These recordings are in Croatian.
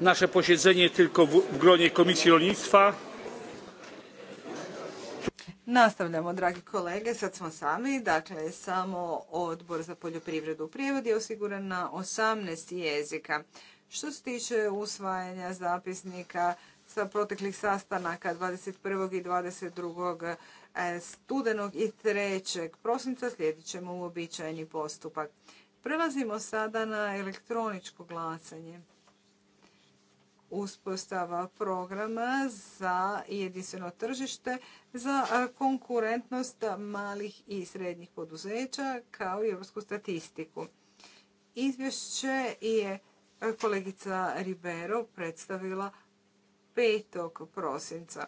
nasze posiedzenie tylko w gronie Komisji Rolnictwa. Nastavljamo, dragi kolege, sad smo sami, dakle samo odbor za poljoprivredu u prijevod je osiguran na 18 jezika. Što se tiče usvajanja zapisnika sa proteklih sastanaka 21. i 22 e, studenog i 3. prosinca slijedit ćemo uobičajeni postupak. Prelazimo sada na elektroničko glasanje uspostava programa za jedinstveno tržište za konkurentnost malih i srednjih poduzeća kao i europsku statistiku. Izvješće je kolegica Ribero predstavila 5. prosinca.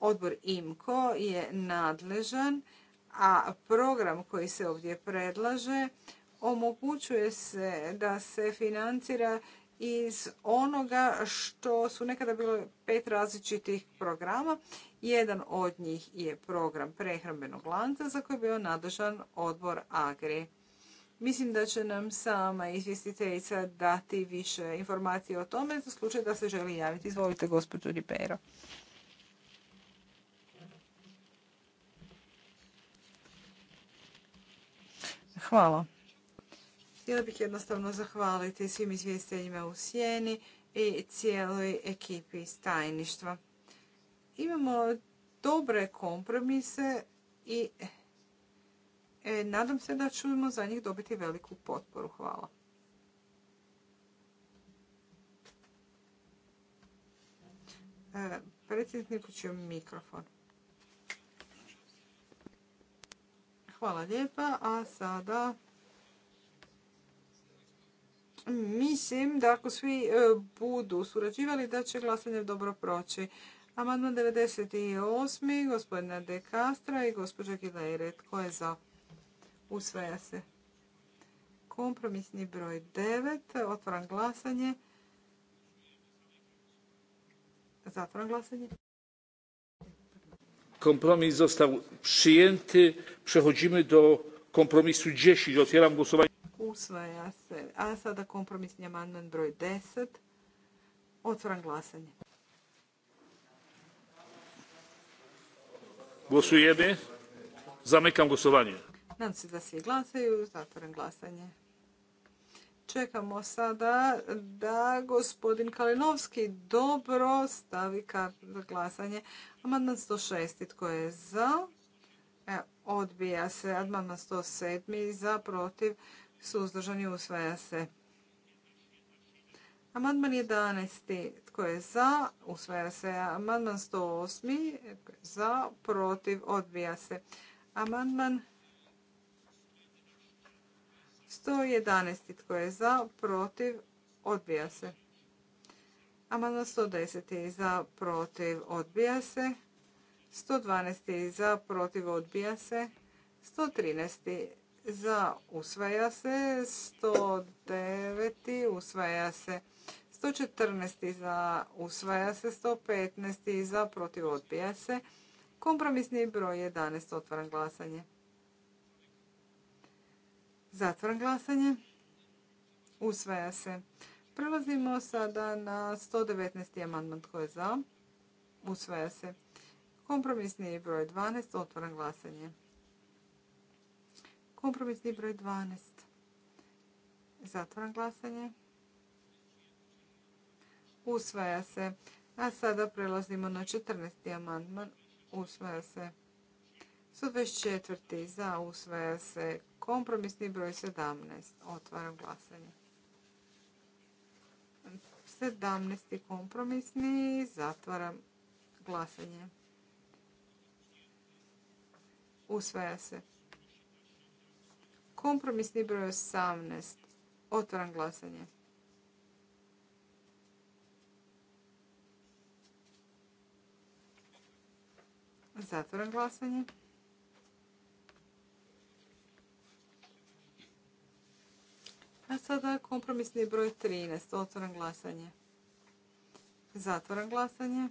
Odbor IMKO je nadležan, a program koji se ovdje predlaže omogućuje se da se financira iz onoga što su nekada bilo pet različitih programa. Jedan od njih je program prehrambenog lanca za koji je bio nadležan odbor Agri. Mislim da će nam sama izvjestiteljica dati više informacije o tome za slučaj da se želi javiti. Izvolite, gospođo Ribeiro. Hvala. Htjela bih jednostavno zahvaliti svim izvjestiteljima u Sjeni i cijeloj ekipi iz tajništva. Imamo dobre kompromise i e, nadam se da ćemo za njih dobiti veliku potporu. Hvala. E, Predsjednik ću mikrofon. Hvala lijepa, a sada mislim da ako svi e, budu surađivali da će glasanje dobro proći. Amandman 98. gospodina De Castra i gospođa Gilejre. Tko je za? Usvaja se. Kompromisni broj 9. Otvoram glasanje. Zatvoram glasanje. Kompromis został przyjęty. Przechodzimy do kompromisu 10. Otwieram głosowanie usvaja se. A sada kompromisni amandman broj 10. Otvoram glasanje. Glasujeme. zamekam glasovanje. Nadam se da svi glasaju. Zatvoram glasanje. Čekamo sada da gospodin Kalinovski dobro stavi kartu za glasanje. Amandman 106. Tko je za? E, odbija se. Amandman 107. Za protiv suzdržani, usvaja se. Amandman 11. Tko je za? Usvaja se. Amandman 108. Za, protiv, odbija se. Amandman 111. Tko je za? Protiv, odbija se. Amandman 110. Za, protiv, odbija se. 112. Za, protiv, odbija se. 113 za usvaja se, 109. usvaja se, 114. za usvaja se, 115. za protiv odbija se, kompromisni broj 11. otvaram glasanje. Zatvaram glasanje. Usvaja se. Prelazimo sada na 119. amandman tko je za. Usvaja se. Kompromisni broj 12. Otvoren glasanje. Kompromisni broj 12. zatvoran glasanje. Usvaja se. A sada prelazimo na 14. amandman. Usvaja se. 124. za usvaja se. Kompromisni broj 17. Otvaram glasanje. 17. kompromisni. Zatvaram glasanje. Usvaja se. Kompromisni broj 18. Otvaram glasanje. Zatvoram glasanje. A sada kompromisni broj 13. Otvoram glasanje. Zatvoram glasanje.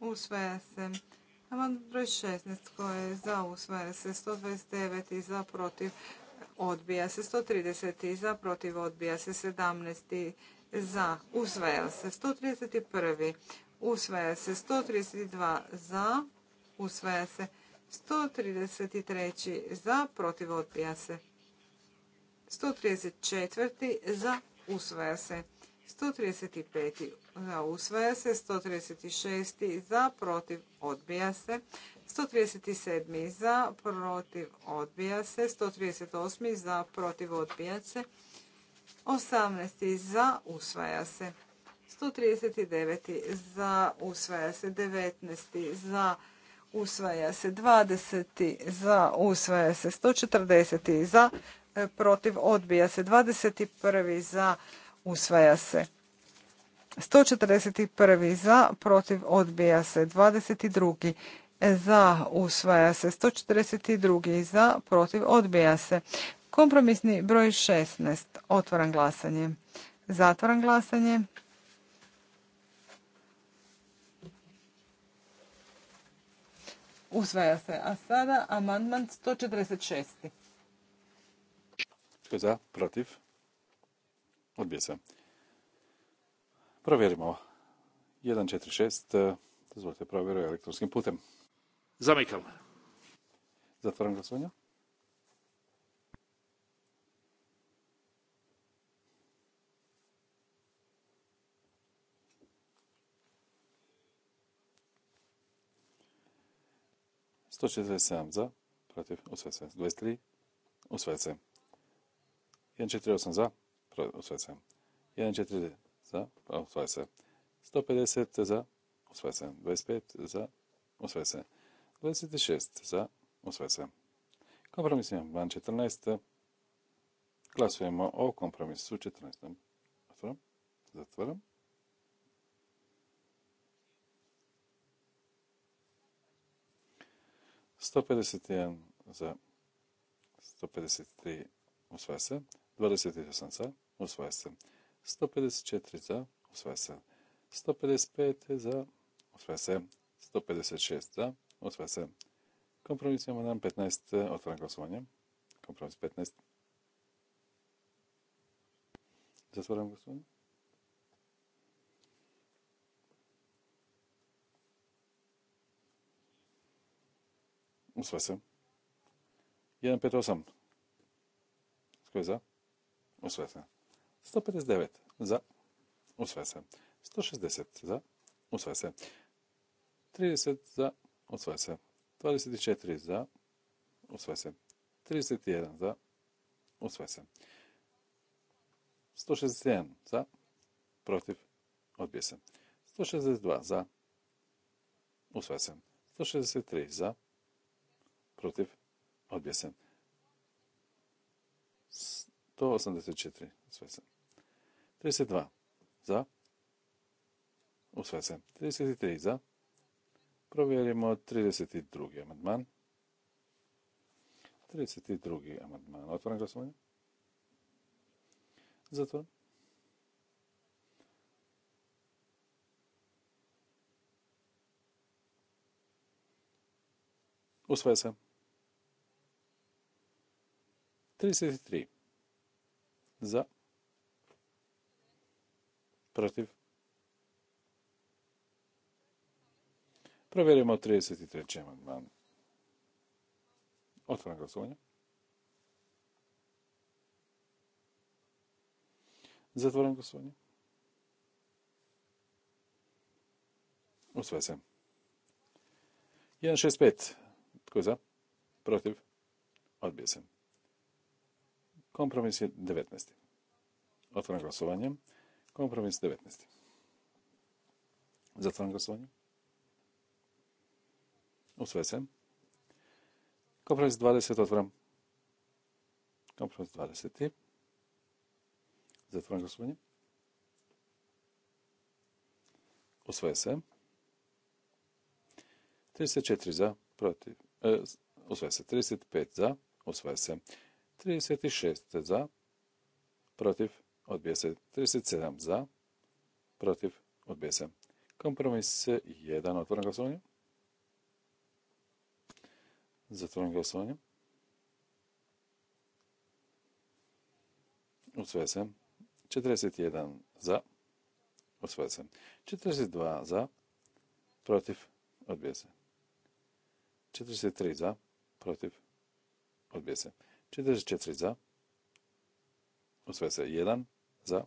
Usvaja se. Amandman broj 16 koji je za usvaja se 129 za protiv odbija se 130 za protiv odbija se 17 za usvaja se 131 usvaja se 132 za usvaja se 133 za protiv odbija se 134 za usvaja se 135. za usvaja se, 136. za protiv odbija se, 137. za protiv odbija se, 138. za protiv odbija se, 18. za usvaja se, 139. za usvaja se, 19. za usvaja se, 20. za usvaja se, 140. za protiv odbija se, 21. za usvaja usvaja se. 141. za, protiv, odbija se. 22. za, usvaja se. 142. za, protiv, odbija se. Kompromisni broj 16. Otvoran glasanje. Zatvoran glasanje. Usvaja se. A sada amandman 146. za? Protiv? Odbije se. Provjerimo. 1, e, dozvolite provjeru elektronskim putem. Zamikam. Zatvorem glasovnja. 147 za. protiv u sve 23 u sve 148 za usvaja dakle, se. 1,40 za, usvaja 150 za, usvaja 25 za, usvaja 26 za, usvaja kompromis imam ban 14. Glasujemo o kompromisu 14. Otvaram. Zatvaram. Sto pedeset jedan za sto pedeset tri usvaja se, dvadeset osam za, Osvaja se. 154 za. Osvaja se. 155 za. Osvaja se. 156 za. osvaja se. Kompromis nam 15. Otvaram glasovanje. Kompromis 15. Zatvaram glasovanje. Osvaja se. 158. Tko je za? Osvaja se. 159 za, usvaja se. 160 za, usvaja se. 30 za, usvaja se. 24 za, usvaja se. 31 za, usvaja se. 161 za, protiv, odbije se. 162 za, usvaja 163 za, protiv, odbije se. 184 sve se. 32. Za. sve se. 33. Za. Provjerimo 32. amandman. 32. amandman. Otvoren glasovanje. Zato. Usvaja se. 33. Za. Protiv? Provjerimo 33. amandman. Otvoreno glasovanje. Zatvoran glasovanje. Usvaja se. 1.6.5. Tko je za? Protiv? Odbije se. Kompromis je 19. Otvoreno glasovanje. Kompromis 19. Zatvaram glasovanje. Usvaja se. Kompromis 20 Otvoram. Kompromis 20. Zatvaram glasovanje. Usvaja se. 34 za, protiv. E, sve se. 35 za, usvaja se. 36 za, protiv odbija se. 37 za, protiv, odbija se. Kompromis 1, otvoren glasovanje. Zatvoren glasovanje. Usvaja se. 41 za, usvaja se. 42 za, protiv, odbija se. 43 za, protiv, odbija se. 44 za, usvaja se. 1 za,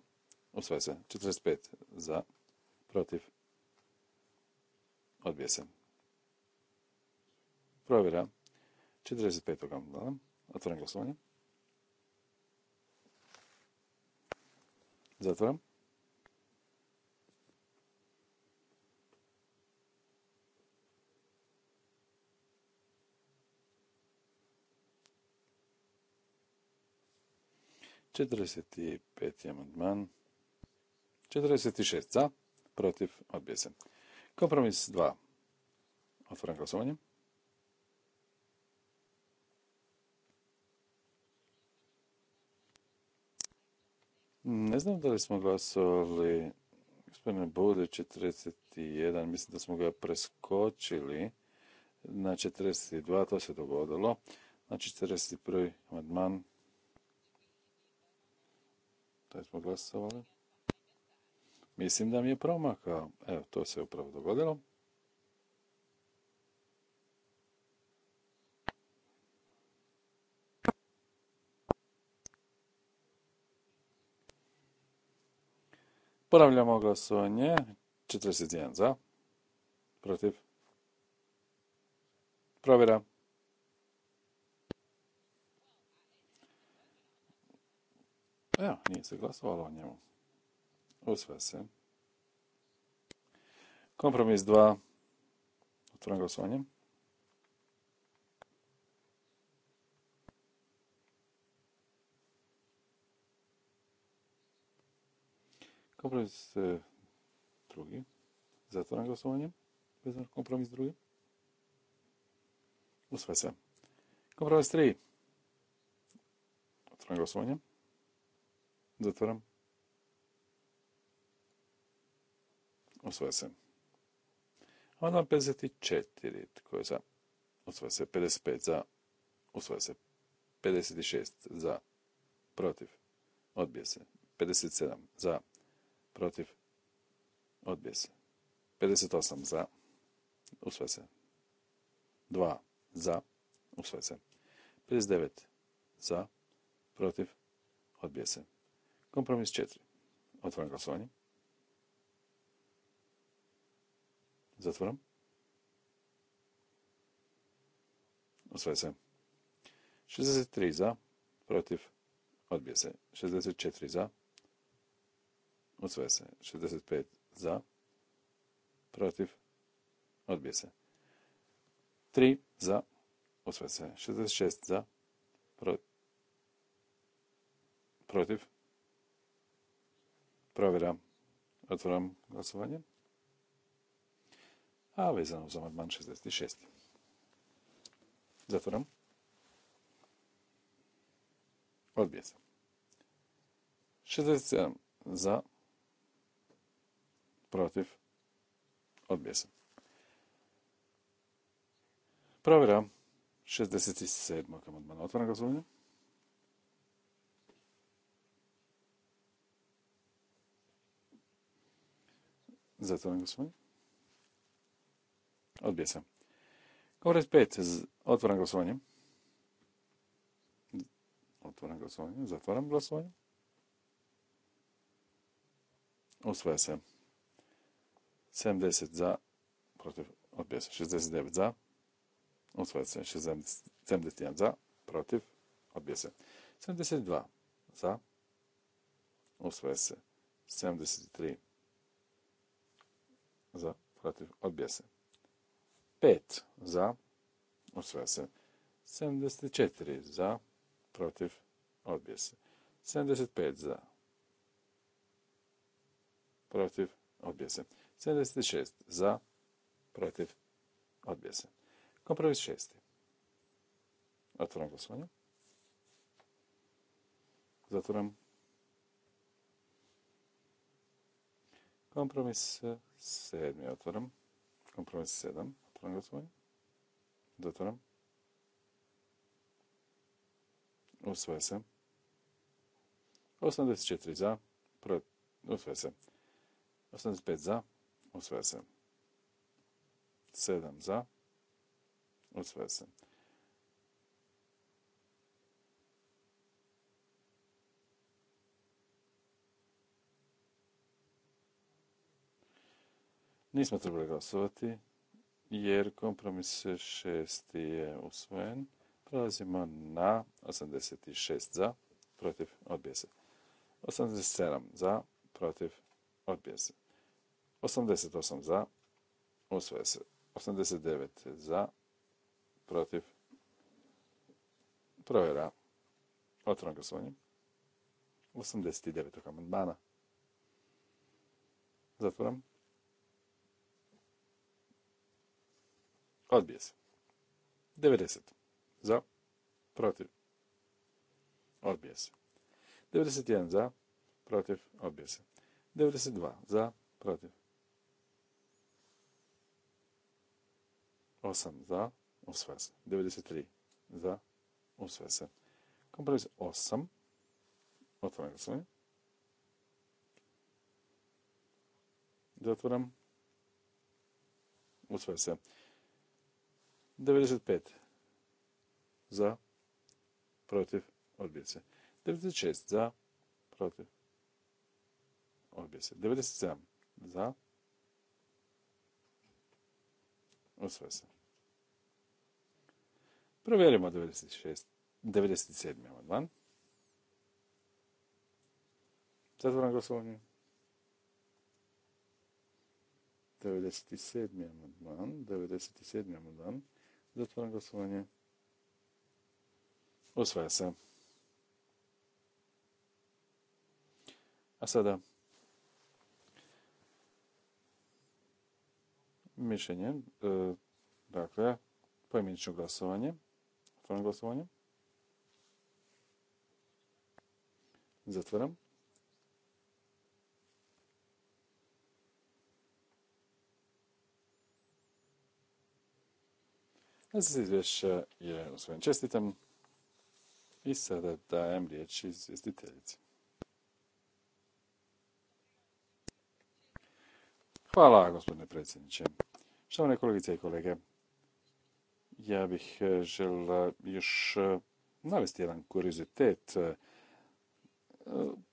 usvaja se, 45 za, protiv, odbije se. Provjera 45. amandmana, otvoren glasovanje. Zatvoram. 45. amandman. 46. Za. Protiv. Odbije se. Kompromis 2. Otvoram glasovanje. Ne znam da li smo glasovali gospodine Bude 41, mislim da smo ga preskočili na 42, to se dogodilo. Na znači, 41. amandman taj smo glasovali. Mislim da mi je promakao. Evo, to se upravo dogodilo. Ponavljamo glasovanje. 41 za. Protiv. Provjera. Evo, pa nije se glasovalo o njemu. Usve se. Kompromis 2. Otvoram glasovanje. Kompromis e, drugi. Zatvoram glasovanje. Vezano kompromis drugi. Usve se. Kompromis 3. Otvoram glasovanje. Zatvaram. Osvoja se. Onda 54. Tko je za? Osvaja se. 55 za. Osvoja se. 56 za. Protiv. Odbija se. 57 za. Protiv. Odbija se. 58 za. Usvaja se. 2 za. Usvaja se. 59 za. Protiv. Odbija se. Kompromis 4. Otvaram glasovanje. Zatvaram. Osvaja se. 63 za, protiv, odbije se. 64 za, osvaja se. 65 za, protiv, odbije se. 3 za, osvaja se. 66 za, pro, protiv, Provjera. Otvoram glasovanje. A vezano za amandman 66. Zatvoram. Odbije se. 67 za, protiv, odbije se. Provjera 67. amandmana. Otvoram glasovanje. Zatvoren glasovanje. Odbija se. Kompromis 5. Otvoram glasovanje. Otvoreno glasovanje. Zatvoram glasovanje. Usvoja se. 70 za, protiv, odbija se. 69 za, Usvoja se. 71 za, protiv, odbija se. 72 za, Usvoja se. 73 za, protiv, odbija se. 5 za, usvaja se. 74 za, protiv, odbija 75 za, protiv, odbija 76 za, protiv, odbija se. Kompromis šesti. Otvoram glasovanje. Zatvoram. Kompromis Sedmi otvaram. Kompromis sedam. Otvaram glasovanje. Zatvaram. Usvoje se. 84 za. Prot... se. 85 za. Usvoje se. 7 za. Usvoje se. Nismo trebali glasovati jer kompromis šest je usvojen. Prelazimo na 86 za, protiv, odbija se. 87 za, protiv, odbija se. 88 za, usvoje se. 89 za, protiv, provjera. Otvorno glasovanje. 89. amandmana. Zatvoram. Odbije se. 90. Za. Protiv. Odbije se. 91. Za. Protiv. Odbije se. 92. Za. Protiv. 8. Za. usve se. 93. Za. usvese se. Kompromis 8. Otvaram glasovanje. Zatvoram. Usvaja se. 95. za Protiv. Odbija 96. Za. Protiv. Odbija 97. Za. osvoje se. Provjerimo 96. 97. amandman. Zatvoram glasovanje. 97. amandman, 97. amandman. Zatvaram glasovanje. Osvaja se. A sada mišljenje, e, dakle, pojmenično glasovanje, zatvaram glasovanje, se izvješća je usvojen. Čestitam i sada dajem riječ izvjestiteljici. Hvala, gospodine predsjedniče. Štovane kolegice i kolege, ja bih e, žela još e, navesti jedan kuriozitet. E,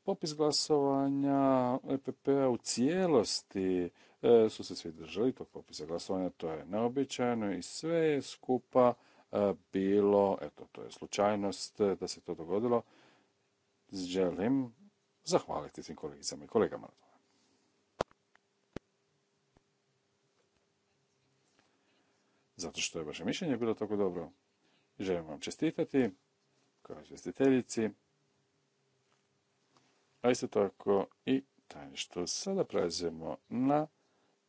popis glasovanja EPP-a u cijelosti E, su se svi držali tog popisa glasovanja, to je neobičajeno i sve je skupa e, bilo, eto, to je slučajnost e, da se to dogodilo. Želim zahvaliti svim kolegicama i kolegama Zato što je vaše mišljenje bilo tako dobro. Želim vam čestitati kao čestiteljici. A isto tako i tajništvo. Sada prelazimo na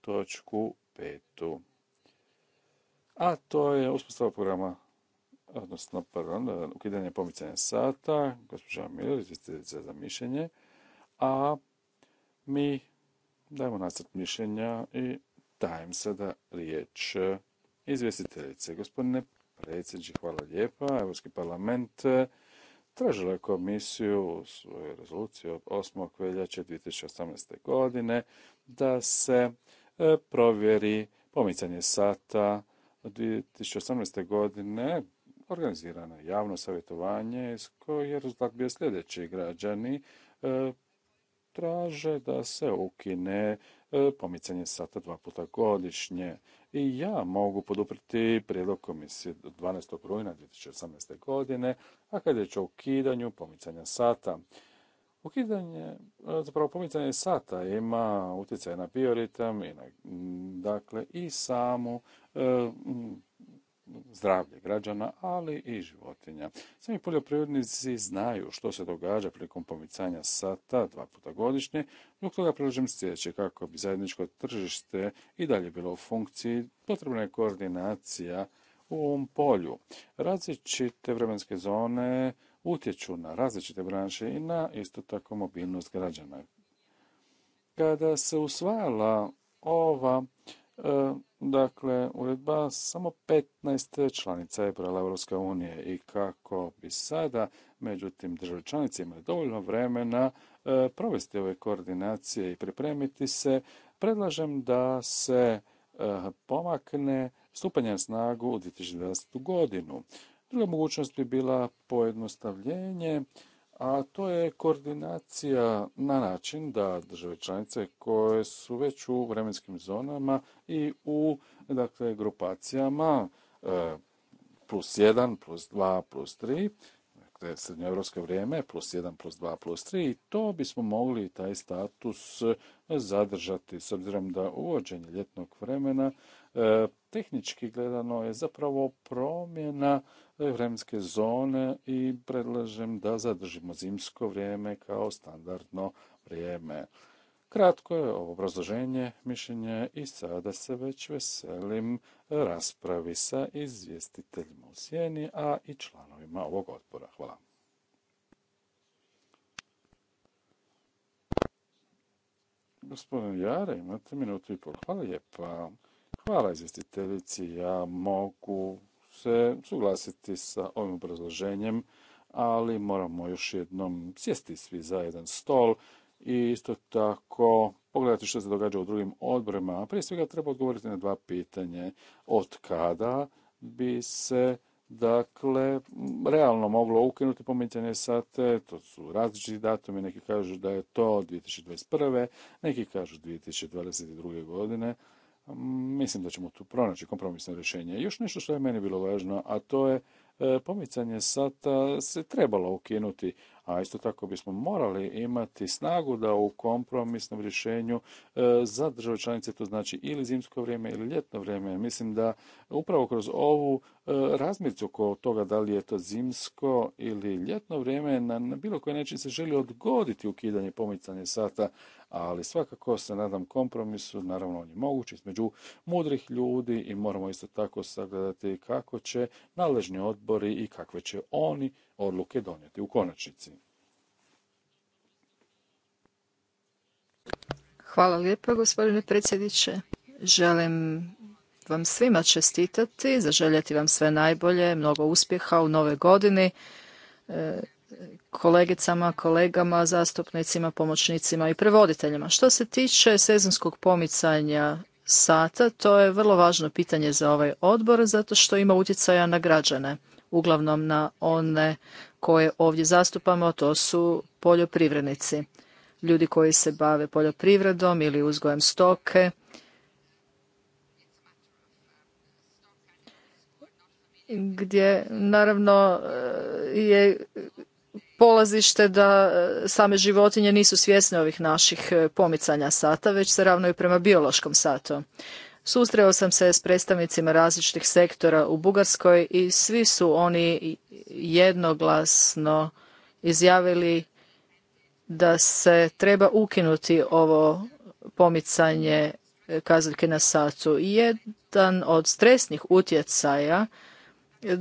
točku petu. A to je uspostava programa odnosno, pardon, ukidanje pomicanja sata, gospođa Miller, izvjestiteljica za mišljenje, a mi dajemo nacrt mišljenja i dajem sada riječ izvjestiteljice. Gospodine predsjedniče, hvala lijepa. Europski parlament tražila je komisiju u svojoj rezoluciji od 8. veljače 2018. godine da se E, provjeri pomicanje sata 2018. godine organizirano javno savjetovanje s koje je rezultat bio sljedeći građani e, traže da se ukine e, pomicanje sata dva puta godišnje. I ja mogu podupriti prijedlog komisije 12. rujna 2018. godine, a kada je o ukidanju pomicanja sata, Ukidanje, e, zapravo pomicanje sata ima utjecaj na bioritam i na, dakle, i samu e, zdravlje građana, ali i životinja. Sami poljoprivrednici znaju što se događa prilikom pomicanja sata dva puta godišnje, zbog toga prilažem sljedeće kako bi zajedničko tržište i dalje bilo u funkciji, potrebna je koordinacija u ovom polju. Različite vremenske zone utječu na različite branše i na isto tako mobilnost građana. Kada se usvajala ova e, dakle, uredba samo 15 članica je brala unije i kako bi sada, međutim, države članice imaju dovoljno vremena e, provesti ove koordinacije i pripremiti se, predlažem da se e, pomakne stupanje na snagu u 2020. godinu. Druga mogućnost bi bila pojednostavljenje, a to je koordinacija na način da države članice koje su već u vremenskim zonama i u dakle, grupacijama e, plus 1, plus 2, plus 3, dakle srednjoevropsko vrijeme, plus 1, plus 2, plus 3, i to bismo mogli taj status zadržati, s obzirom da uvođenje ljetnog vremena E, tehnički gledano je zapravo promjena e, vremenske zone i predlažem da zadržimo zimsko vrijeme kao standardno vrijeme. Kratko je ovo obrazloženje, mišljenje i sada se već veselim raspravi sa izvjestiteljima u sjeni, a i članovima ovog odbora. Hvala. Gospodin Jare, imate minutu i pol. Hvala lijepa. Hvala izvjestiteljici. Ja mogu se suglasiti sa ovim obrazloženjem, ali moramo još jednom sjesti svi za jedan stol i isto tako pogledati što se događa u drugim odborima. Prije svega treba odgovoriti na dva pitanje. Od kada bi se dakle, realno moglo ukinuti pomicanje sate, to su različiti datumi, neki kažu da je to 2021. neki kažu 2022. godine, Mislim da ćemo tu pronaći kompromisno rješenje. Još nešto što je meni bilo važno, a to je e, pomicanje sata se trebalo ukinuti, a isto tako bismo morali imati snagu da u kompromisnom rješenju e, za države članice to znači ili zimsko vrijeme ili ljetno vrijeme. Mislim da upravo kroz ovu e, razmicu oko toga da li je to zimsko ili ljetno vrijeme na, bilo koji način se želi odgoditi ukidanje pomicanje sata, ali svakako se nadam kompromisu, naravno on je moguć između mudrih ljudi i moramo isto tako sagledati kako će naležni odbori i kakve će oni odluke donijeti u konačnici. Hvala lijepo, gospodine predsjedniče. Želim vam svima čestitati, zaželjeti vam sve najbolje, mnogo uspjeha u nove godini, e, kolegicama, kolegama, zastupnicima, pomoćnicima i prevoditeljima. Što se tiče sezonskog pomicanja sata, to je vrlo važno pitanje za ovaj odbor, zato što ima utjecaja na građane uglavnom na one koje ovdje zastupamo, to su poljoprivrednici. Ljudi koji se bave poljoprivredom ili uzgojem stoke. Gdje naravno e, je polazište da e, same životinje nisu svjesne ovih naših e, pomicanja sata, već se ravnaju prema biološkom satu. Susreo sam se s predstavnicima različitih sektora u Bugarskoj i svi su oni jednoglasno izjavili da se treba ukinuti ovo pomicanje e, kazaljke na satu. Jedan od stresnih utjecaja e,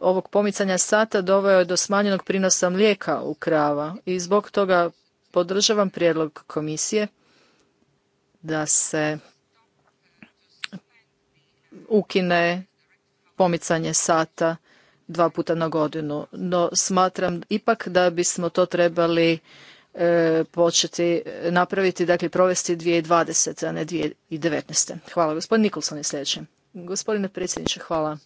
ovog pomicanja sata doveo je do smanjenog prinosa mlijeka u krava i zbog toga podržavam prijedlog komisije da se ukine pomicanje sata dva puta na godinu. No smatram ipak da bismo to trebali e, početi napraviti, dakle provesti 2020. a ne 2019. Hvala. Gospodin Nikolson je sljedeći. Gospodine predsjedniče, hvala.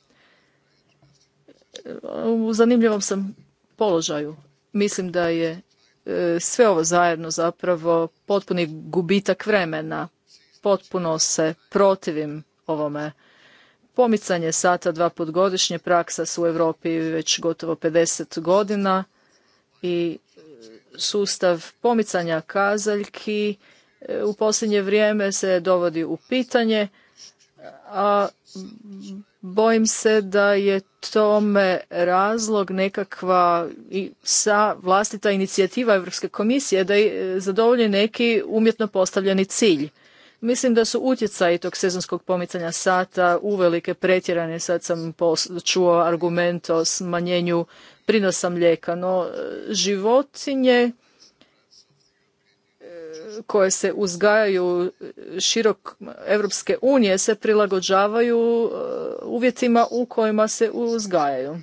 U zanimljivom sam položaju. Mislim da je e, sve ovo zajedno zapravo potpuni gubitak vremena. Potpuno se protivim ovome Pomicanje sata dva put godišnje praksa su u Europi već gotovo 50 godina i sustav pomicanja kazaljki e, u posljednje vrijeme se dovodi u pitanje, a bojim se da je tome razlog nekakva i sa vlastita inicijativa Europske komisije da e, zadovolji neki umjetno postavljeni cilj. Mislim da su utjecaji tog sezonskog pomicanja sata uvelike pretjerane. Sad sam čuo argument o smanjenju prinosa mlijeka, no e, životinje e, koje se uzgajaju širok Evropske unije se prilagođavaju e, uvjetima u kojima se uzgajaju.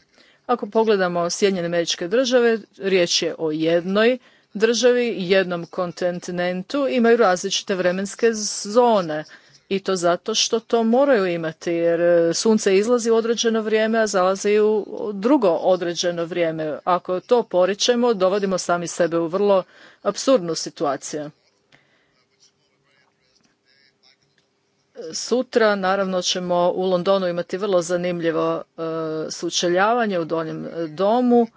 Ako pogledamo Sjedinjene američke države, riječ je o jednoj državi jednom kontinentu imaju različite vremenske zone i to zato što to moraju imati jer e, sunce izlazi u određeno vrijeme, a zalazi u drugo određeno vrijeme. Ako to poričemo, dovodimo sami sebe u vrlo apsurdnu situaciju. Sutra naravno ćemo u Londonu imati vrlo zanimljivo e, sučeljavanje u donjem e, domu,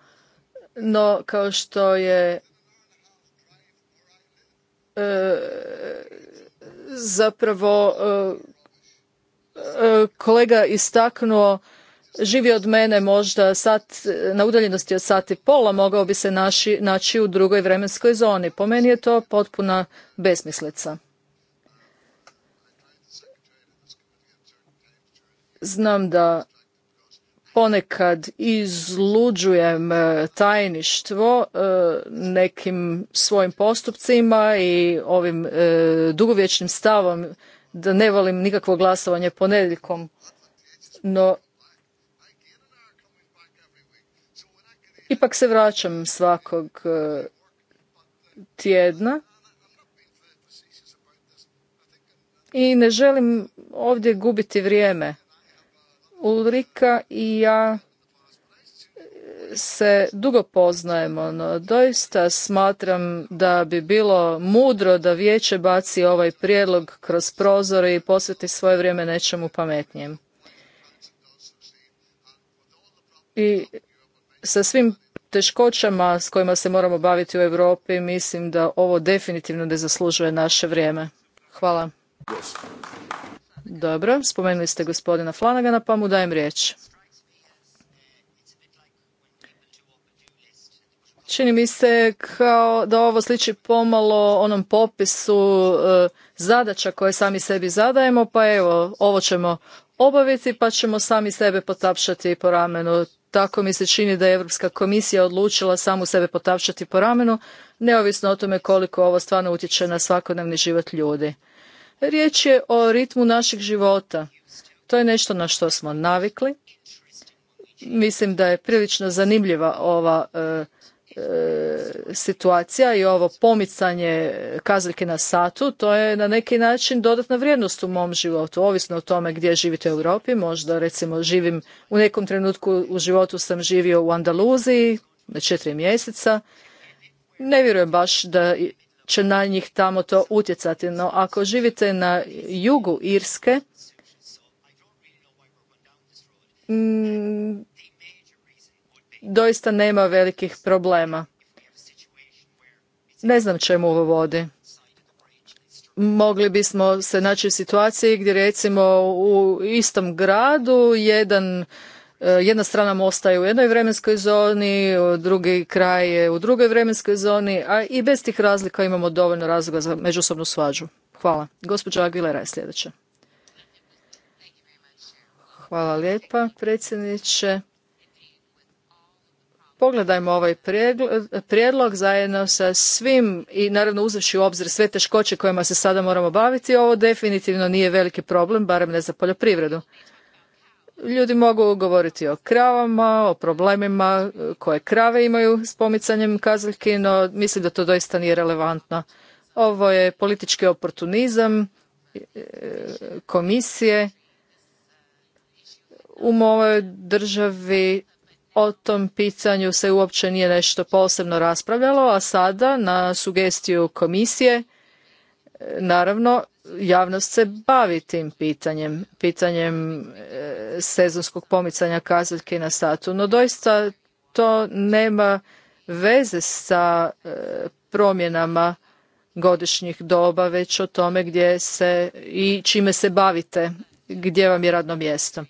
no kao što je E, zapravo e, e, kolega istaknuo živi od mene možda sat, na udaljenosti od sati pola mogao bi se naši, naći u drugoj vremenskoj zoni. Po meni je to potpuna besmislica. Znam da ponekad izluđujem e, tajništvo e, nekim svojim postupcima i ovim e, dugovječnim stavom da ne volim nikakvo glasovanje ponedjeljkom, no ipak se vraćam svakog tjedna i ne želim ovdje gubiti vrijeme. Ulrika i ja se dugo poznajemo, no doista smatram da bi bilo mudro da vijeće baci ovaj prijedlog kroz prozor i posveti svoje vrijeme nečemu pametnijem. I sa svim teškoćama s kojima se moramo baviti u Europi mislim da ovo definitivno ne zaslužuje naše vrijeme. Hvala. Dobro, spomenuli ste gospodina Flanagana, pa mu dajem riječ. Čini mi se kao da ovo sliči pomalo onom popisu e, zadaća koje sami sebi zadajemo, pa evo, ovo ćemo obaviti pa ćemo sami sebe potapšati po ramenu. Tako mi se čini da je Europska komisija odlučila samu sebe potapšati po ramenu, neovisno o tome koliko ovo stvarno utječe na svakodnevni život ljudi. Riječ je o ritmu našeg života. To je nešto na što smo navikli. Mislim da je prilično zanimljiva ova e, e, situacija i ovo pomicanje kazaljke na satu. To je na neki način dodatna vrijednost u mom životu, ovisno o tome gdje živite u Europi. Možda recimo živim, u nekom trenutku u životu sam živio u Andaluziji na četiri mjeseca. Ne vjerujem baš da će na njih tamo to utjecati. No ako živite na jugu Irske, mm, doista nema velikih problema. Ne znam čemu ovo vodi. Mogli bismo se naći u situaciji gdje recimo u istom gradu jedan E, jedna strana mosta je u jednoj vremenskoj zoni, drugi kraj je u drugoj vremenskoj zoni, a i bez tih razlika imamo dovoljno razloga za međusobnu svađu. Hvala. Gospođa Aguilera je sljedeća. Hvala lijepa, predsjedniče. Pogledajmo ovaj prijedlog zajedno sa svim i naravno uzevši u obzir sve teškoće kojima se sada moramo baviti, ovo definitivno nije veliki problem, barem ne za poljoprivredu. Ljudi mogu govoriti o kravama, o problemima e, koje krave imaju s pomicanjem kazaljki, no mislim da to doista nije relevantno. Ovo je politički oportunizam e, komisije. U mojoj državi o tom pitanju se uopće nije nešto posebno raspravljalo, a sada na sugestiju komisije Naravno, javnost se bavi tim pitanjem, pitanjem e, sezonskog pomicanja kazaljke na satu, no doista to nema veze sa e, promjenama godišnjih doba, već o tome gdje se i čime se bavite, gdje vam je radno mjesto.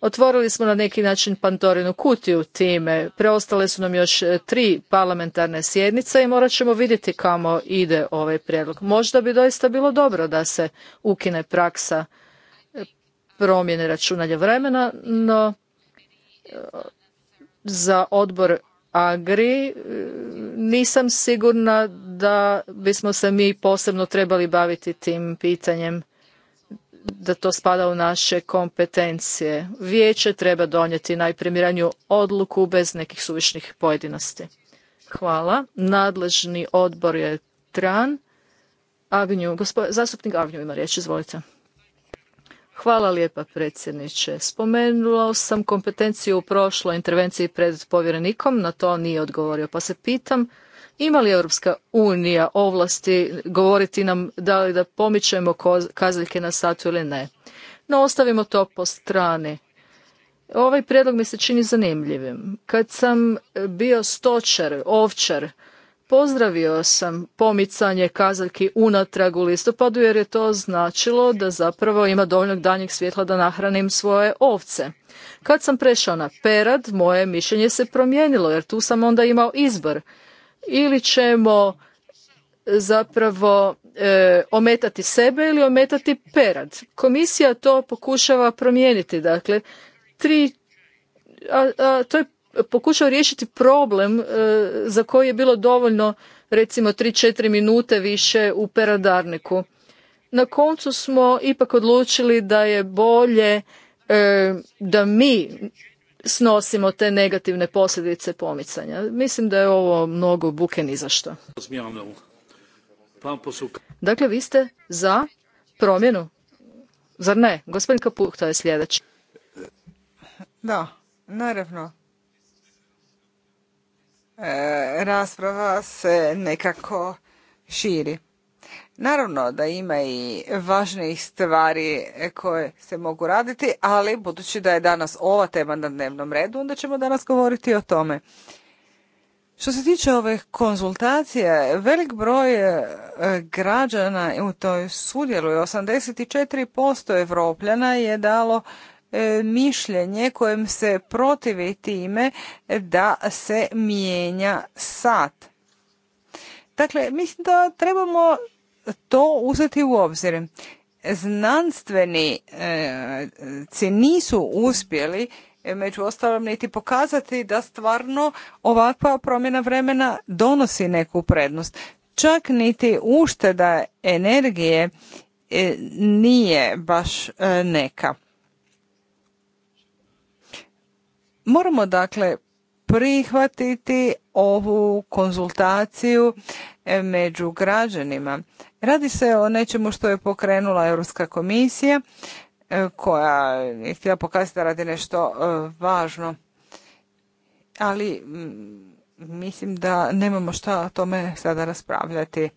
Otvorili smo na neki način Pantorinu kutiju time. Preostale su nam još e, tri parlamentarne sjednice i morat ćemo vidjeti kamo ide ovaj prijedlog. Možda bi doista bilo dobro da se ukine praksa e, promjene računanja vremena, no e, za odbor Agri nisam sigurna da bismo se mi posebno trebali baviti tim pitanjem da to spada u naše kompetencije. Vijeće treba donijeti najpremiranju odluku bez nekih suvišnih pojedinosti. Hvala. Nadležni odbor je Tran. Agnju, gospod, zastupnik Agnju ima riječ, izvolite. Hvala lijepa predsjedniče. Spomenula sam kompetenciju u prošloj intervenciji pred povjerenikom, na to nije odgovorio, pa se pitam ima li Europska unija ovlasti govoriti nam da li da pomičemo kazaljke na satu ili ne? No, ostavimo to po strani. Ovaj prijedlog mi se čini zanimljivim. Kad sam bio stočar, ovčar, pozdravio sam pomicanje kazaljki unatrag u listopadu jer je to značilo da zapravo ima dovoljno danjeg svjetla da nahranim svoje ovce. Kad sam prešao na perad, moje mišljenje se promijenilo jer tu sam onda imao izbor ili ćemo zapravo e, ometati sebe ili ometati perad. Komisija to pokušava promijeniti. Dakle, tri, a, to je pokušao riješiti problem e, za koji je bilo dovoljno recimo 3-4 minute više u peradarniku. Na koncu smo ipak odlučili da je bolje e, da mi snosimo te negativne posljedice pomicanja. Mislim da je ovo mnogo buke ni za što. Dakle, vi ste za promjenu? Zar ne? Gospodin to je sljedeći. Da, naravno. E, rasprava se nekako širi. Naravno da ima i važnijih stvari koje se mogu raditi, ali budući da je danas ova tema na dnevnom redu, onda ćemo danas govoriti o tome. Što se tiče ovih konzultacija, velik broj e, građana u toj sudjeluje, 84% Evropljana je dalo e, mišljenje kojem se protivi time da se mijenja sat. Dakle, mislim da trebamo to uzeti u obzir. Znanstvenici e, nisu uspjeli e, među ostalom niti pokazati da stvarno ovakva promjena vremena donosi neku prednost. Čak niti ušteda energije e, nije baš neka. Moramo dakle prihvatiti ovu konzultaciju među građanima, Radi se o nečemu što je pokrenula Europska komisija e, koja je htjela pokazati da radi nešto e, važno. Ali mislim da nemamo šta o tome sada raspravljati.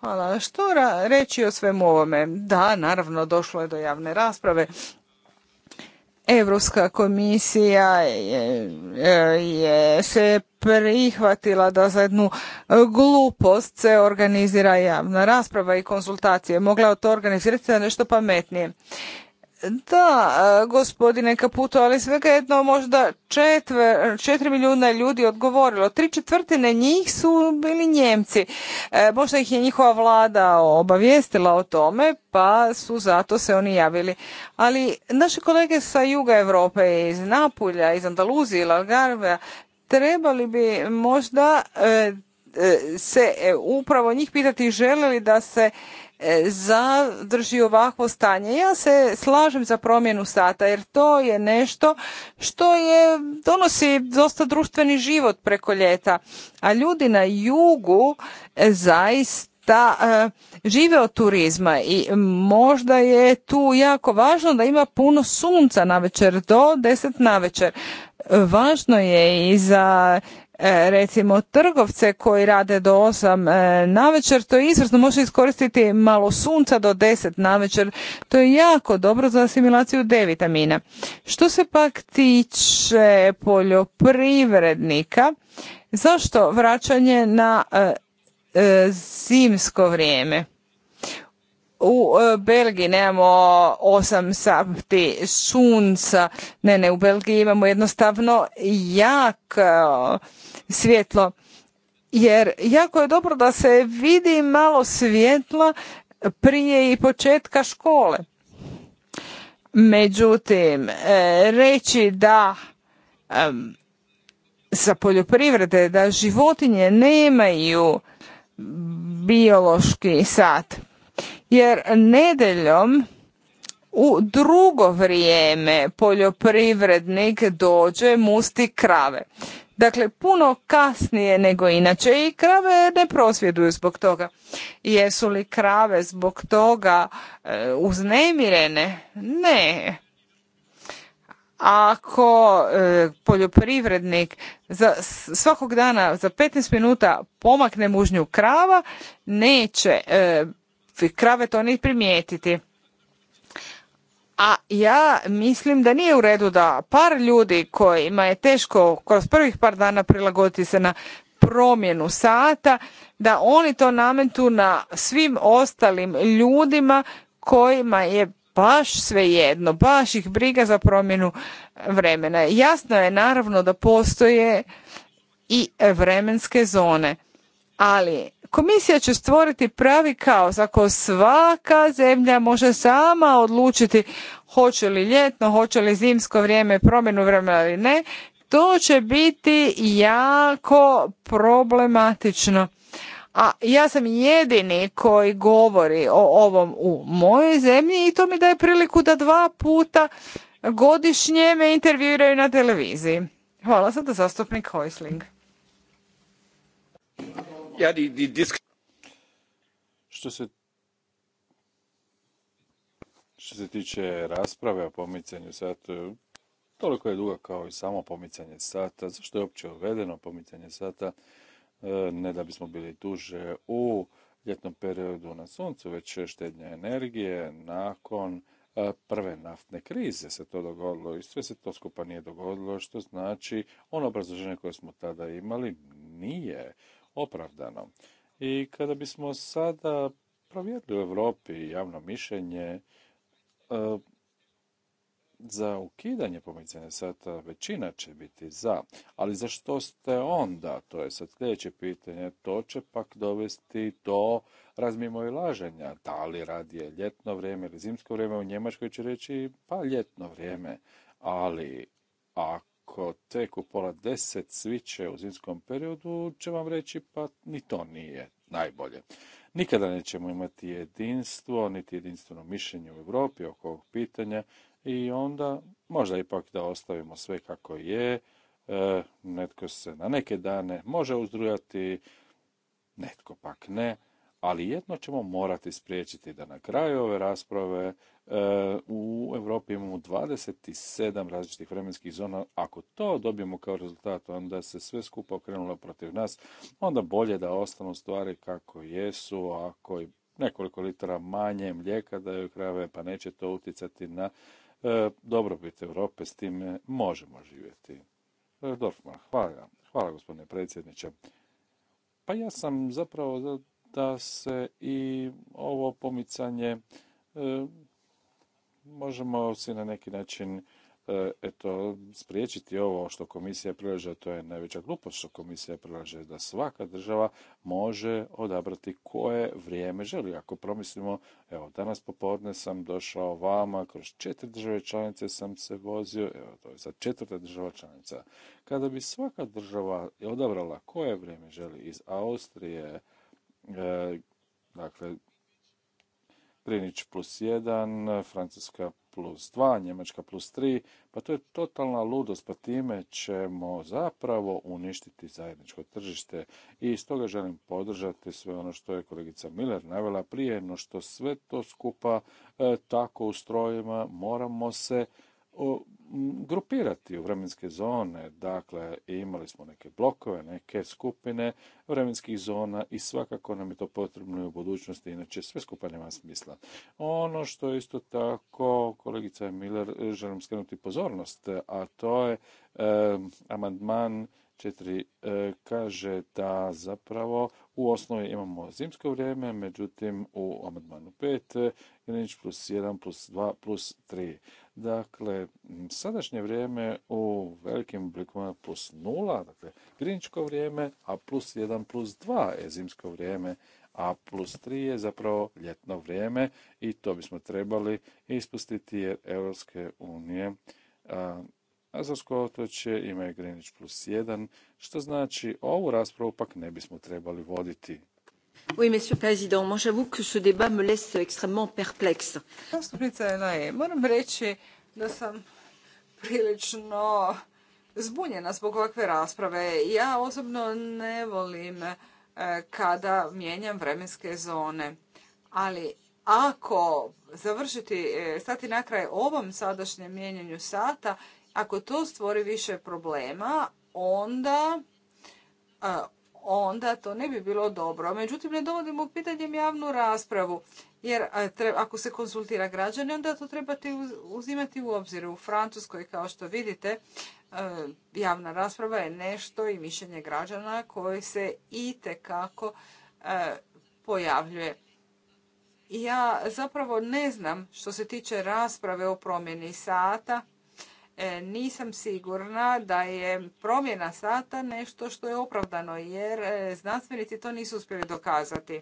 Hvala. Što reći o svemu ovome? Da, naravno, došlo je do javne rasprave. Europska komisija je, e, je se prihvatila da za jednu glupost se organizira javna rasprava i konsultacije. Mogla je to organizirati za nešto pametnije. Da, e, gospodine Kaputo, ali svega jedno možda četiri milijuna ljudi odgovorilo. Tri četvrtine njih su bili Njemci. E, možda ih je njihova vlada obavijestila o tome, pa su zato se oni javili. Ali naše kolege sa juga Europe, iz Napulja, iz Andaluzije, Algarve, trebali bi možda e, se upravo njih pitati žele li da se E, zadrži ovakvo stanje. Ja se slažem za promjenu sata jer to je nešto što je donosi dosta društveni život preko ljeta. A ljudi na jugu e, zaista da e, žive od turizma i možda je tu jako važno da ima puno sunca na večer do deset na večer. Važno je i za E, recimo trgovce koji rade do 8 e, navečer, to je izvrsno, može iskoristiti malo sunca do 10 navečer, to je jako dobro za asimilaciju D vitamina. Što se pak tiče poljoprivrednika, zašto vraćanje na e, zimsko vrijeme? u e, Belgiji nemamo 8 sati sunca, ne ne, u Belgiji imamo jednostavno jak e, svjetlo. Jer jako je dobro da se vidi malo svjetla prije i početka škole. Međutim, e, reći da sa poljoprivrede da životinje nemaju biološki sat jer nedeljom u drugo vrijeme poljoprivrednik dođe musti krave. Dakle, puno kasnije nego inače i krave ne prosvjeduju zbog toga. Jesu li krave zbog toga e, uznemirene? Ne. Ako e, poljoprivrednik za svakog dana za 15 minuta pomakne mužnju krava, neće e, krave to ni primijetiti. A ja mislim da nije u redu da par ljudi kojima je teško kroz prvih par dana prilagoditi se na promjenu sata, da oni to nametu na svim ostalim ljudima kojima je baš svejedno, baš ih briga za promjenu vremena. Jasno je naravno da postoje i vremenske zone, ali Komisija će stvoriti pravi kaos ako svaka zemlja može sama odlučiti hoće li ljetno, hoće li zimsko vrijeme, promjenu vremena ili ne. To će biti jako problematično. A ja sam jedini koji govori o ovom u mojoj zemlji i to mi daje priliku da dva puta godišnje me intervjuiraju na televiziji. Hvala sada zastupnik Hojsling. Ja, Što se što se tiče rasprave o pomicanju sata, toliko je duga kao i samo pomicanje sata. Zašto je uopće uvedeno pomicanje sata? E, ne da bismo bili duže u ljetnom periodu na suncu, već štednja energije nakon e, prve naftne krize se to dogodilo i sve se to skupa nije dogodilo, što znači ono obrazloženje koje smo tada imali nije opravdano. I kada bismo sada provjerili u Europi javno mišljenje e, za ukidanje pomicanja sata većina će biti za. Ali za što ste onda? To je sad sljedeće pitanje. To će pak dovesti do razmimo i laženja. Da li radije ljetno vrijeme ili zimsko vrijeme u Njemačkoj će reći pa ljetno vrijeme. Ali ako netko tek u pola deset sviće u zimskom periodu, će vam reći pa ni to nije najbolje. Nikada nećemo imati jedinstvo, niti jedinstveno mišljenje u Europi oko ovog pitanja i onda možda ipak da ostavimo sve kako je. E, netko se na neke dane može uzdrujati, netko pak ne ali jedno ćemo morati spriječiti da na kraju ove rasprave e, u Europi imamo 27 različitih vremenskih zona. Ako to dobijemo kao rezultat, onda se sve skupa okrenulo protiv nas, onda bolje da ostanu stvari kako jesu, ako nekoliko litara manje mlijeka daju krave, pa neće to uticati na e, dobrobit Europe, s time možemo živjeti. E, Dorfman, hvala. Hvala gospodine predsjedniče. Pa ja sam zapravo da se i ovo pomicanje e, možemo si na neki način e, eto, spriječiti ovo što komisija prilaže, to je najveća glupost što komisija prilaže, da svaka država može odabrati koje vrijeme želi. Ako promislimo, evo, danas popodne sam došao vama, kroz četiri države članice sam se vozio, evo, to je sad četvrta država članica. Kada bi svaka država odabrala koje vrijeme želi iz Austrije, E, dakle Prinić plus 1, Francuska plus 2, Njemačka plus 3, pa to je totalna ludost, pa time ćemo zapravo uništiti zajedničko tržište i stoga želim podržati sve ono što je kolegica Miller navela prije, no što sve to skupa e, tako ustrojimo, moramo se grupirati u vremenske zone. Dakle, imali smo neke blokove, neke skupine vremenskih zona i svakako nam je to potrebno i u budućnosti, inače sve skupa nema smisla. Ono što isto tako, kolegica Miller, želim skrenuti pozornost, a to je amandman 4 e, kaže da zapravo u osnovi imamo zimsko vrijeme, međutim u amandmanu 5 granič e, plus 1 plus 2 plus 3. Dakle, sadašnje vrijeme u velikim oblikovima plus 0, dakle griničko vrijeme, a plus 1 plus 2 je zimsko vrijeme, a plus 3 je zapravo ljetno vrijeme i to bismo trebali ispustiti jer Europske unije a za će je Greenwich plus 1, što znači ovu raspravu pak ne bismo trebali voditi. Oui, monsieur le président, moi j'avoue que ce débat me laisse extrêmement perplexe. je, moram reći da sam prilično zbunjena zbog ovakve rasprave. Ja osobno ne volim eh, kada mijenjam vremenske zone, ali ako završiti, eh, stati na kraj ovom sadašnjem mijenjanju sata ako to stvori više problema, onda onda to ne bi bilo dobro. Međutim, ne dovodimo u pitanje javnu raspravu, jer ako se konsultira građane, onda to trebate uzimati u obzir. U Francuskoj, kao što vidite, javna rasprava je nešto i mišljenje građana koje se i tekako pojavljuje. Ja zapravo ne znam što se tiče rasprave o promjeni sata, E, nisam sigurna da je promjena sata nešto što je opravdano jer e, znanstvenici to nisu uspjeli dokazati.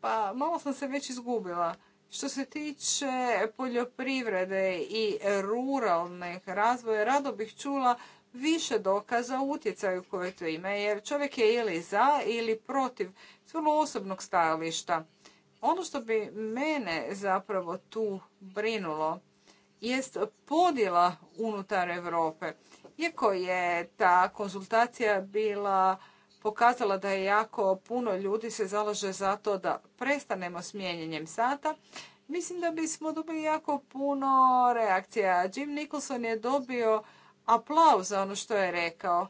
Pa malo sam se već izgubila. Što se tiče poljoprivrede i ruralnih razvoja, rado bih čula više dokaza o utjecaju koje to ima, jer čovjek je ili za ili protiv svrlo osobnog stajališta. Ono što bi mene zapravo tu brinulo jest podjela unutar Europe. Iako je ta konzultacija bila pokazala da je jako puno ljudi se zalaže za to da prestanemo s mijenjanjem sata, mislim da bismo dobili jako puno reakcija. Jim Nicholson je dobio aplauz za ono što je rekao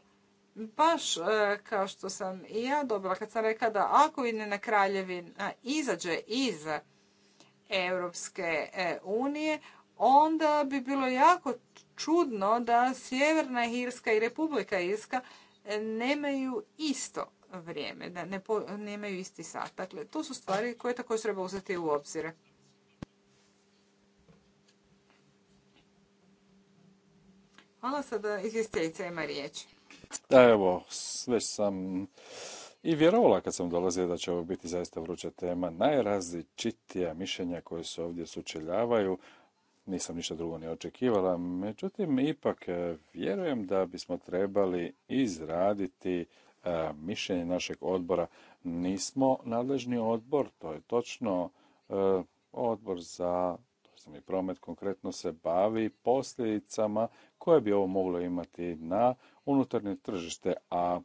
baš e, kao što sam i ja dobila kad sam rekla da ako na kraljevina izađe iz Europske e, unije, onda bi bilo jako čudno da Sjeverna Irska i Republika Irska nemaju isto vrijeme, da nemaju isti sat. Dakle, to su stvari koje također treba uzeti u obzir. Hvala sada izvjestiteljica ima riječ. Da, evo, sve sam i vjerovala kad sam dolazio da će ovo biti zaista vruća tema. Najrazličitija mišljenja koje se ovdje sučeljavaju, nisam ništa drugo ni očekivala, međutim, ipak e, vjerujem da bismo trebali izraditi e, mišljenje našeg odbora. Nismo nadležni odbor, to je točno e, odbor za i promet konkretno se bavi posljedicama koje bi ovo moglo imati na unutarnje tržište. A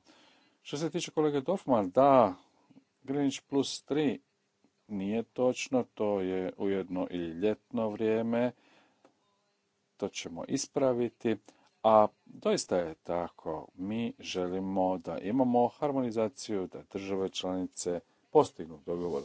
što se tiče kolege Dofman, da, Greenwich plus 3 nije točno, to je ujedno i ljetno vrijeme, to ćemo ispraviti, a doista je tako, mi želimo da imamo harmonizaciju, da države članice postignu dogovor.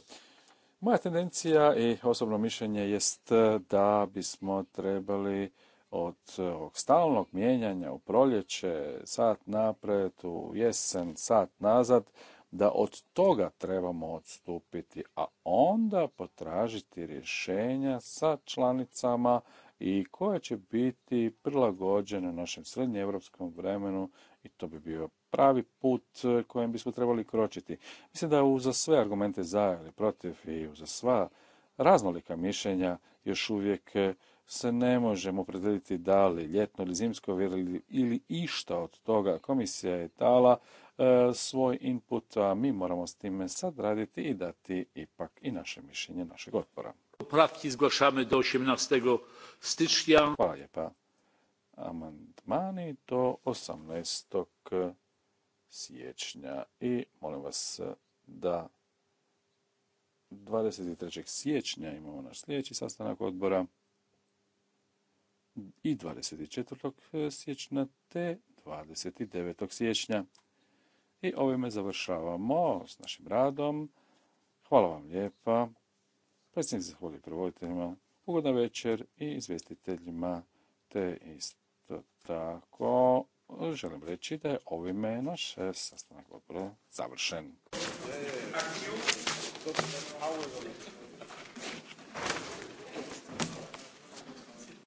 Moja tendencija i osobno mišljenje jest da bismo trebali od e, ovog stalnog mijenjanja u proljeće, sat napred, u jesen, sat nazad, da od toga trebamo odstupiti, a onda potražiti rješenja sa članicama i koja će biti prilagođene našem srednjeevropskom vremenu i to bi bio pravi put e, kojem bismo trebali kročiti. Mislim da uza sve argumente za ili protiv i uza sva raznolika mišljenja još uvijek e, se ne možemo predvidjeti da li ljetno ili zimsko ili išta od toga. Komisija je dala e, svoj input, a mi moramo s time sad raditi i dati ipak i naše mišljenje našeg odbora. Popravki zglašame do 18. stičnja. Hvala lijepa. Amandmani do 18. siječnja i molim vas da 23. siječnja imamo naš sljedeći sastanak odbora i 24. E, siječnja te 29. siječnja. I ovime završavamo s našim radom. Hvala vam lijepa. Predsjednik hvali prevoditeljima. Ugodan večer i izvjestiteljima te isto tako želim reći da je ovime naš sastanak odbora završen.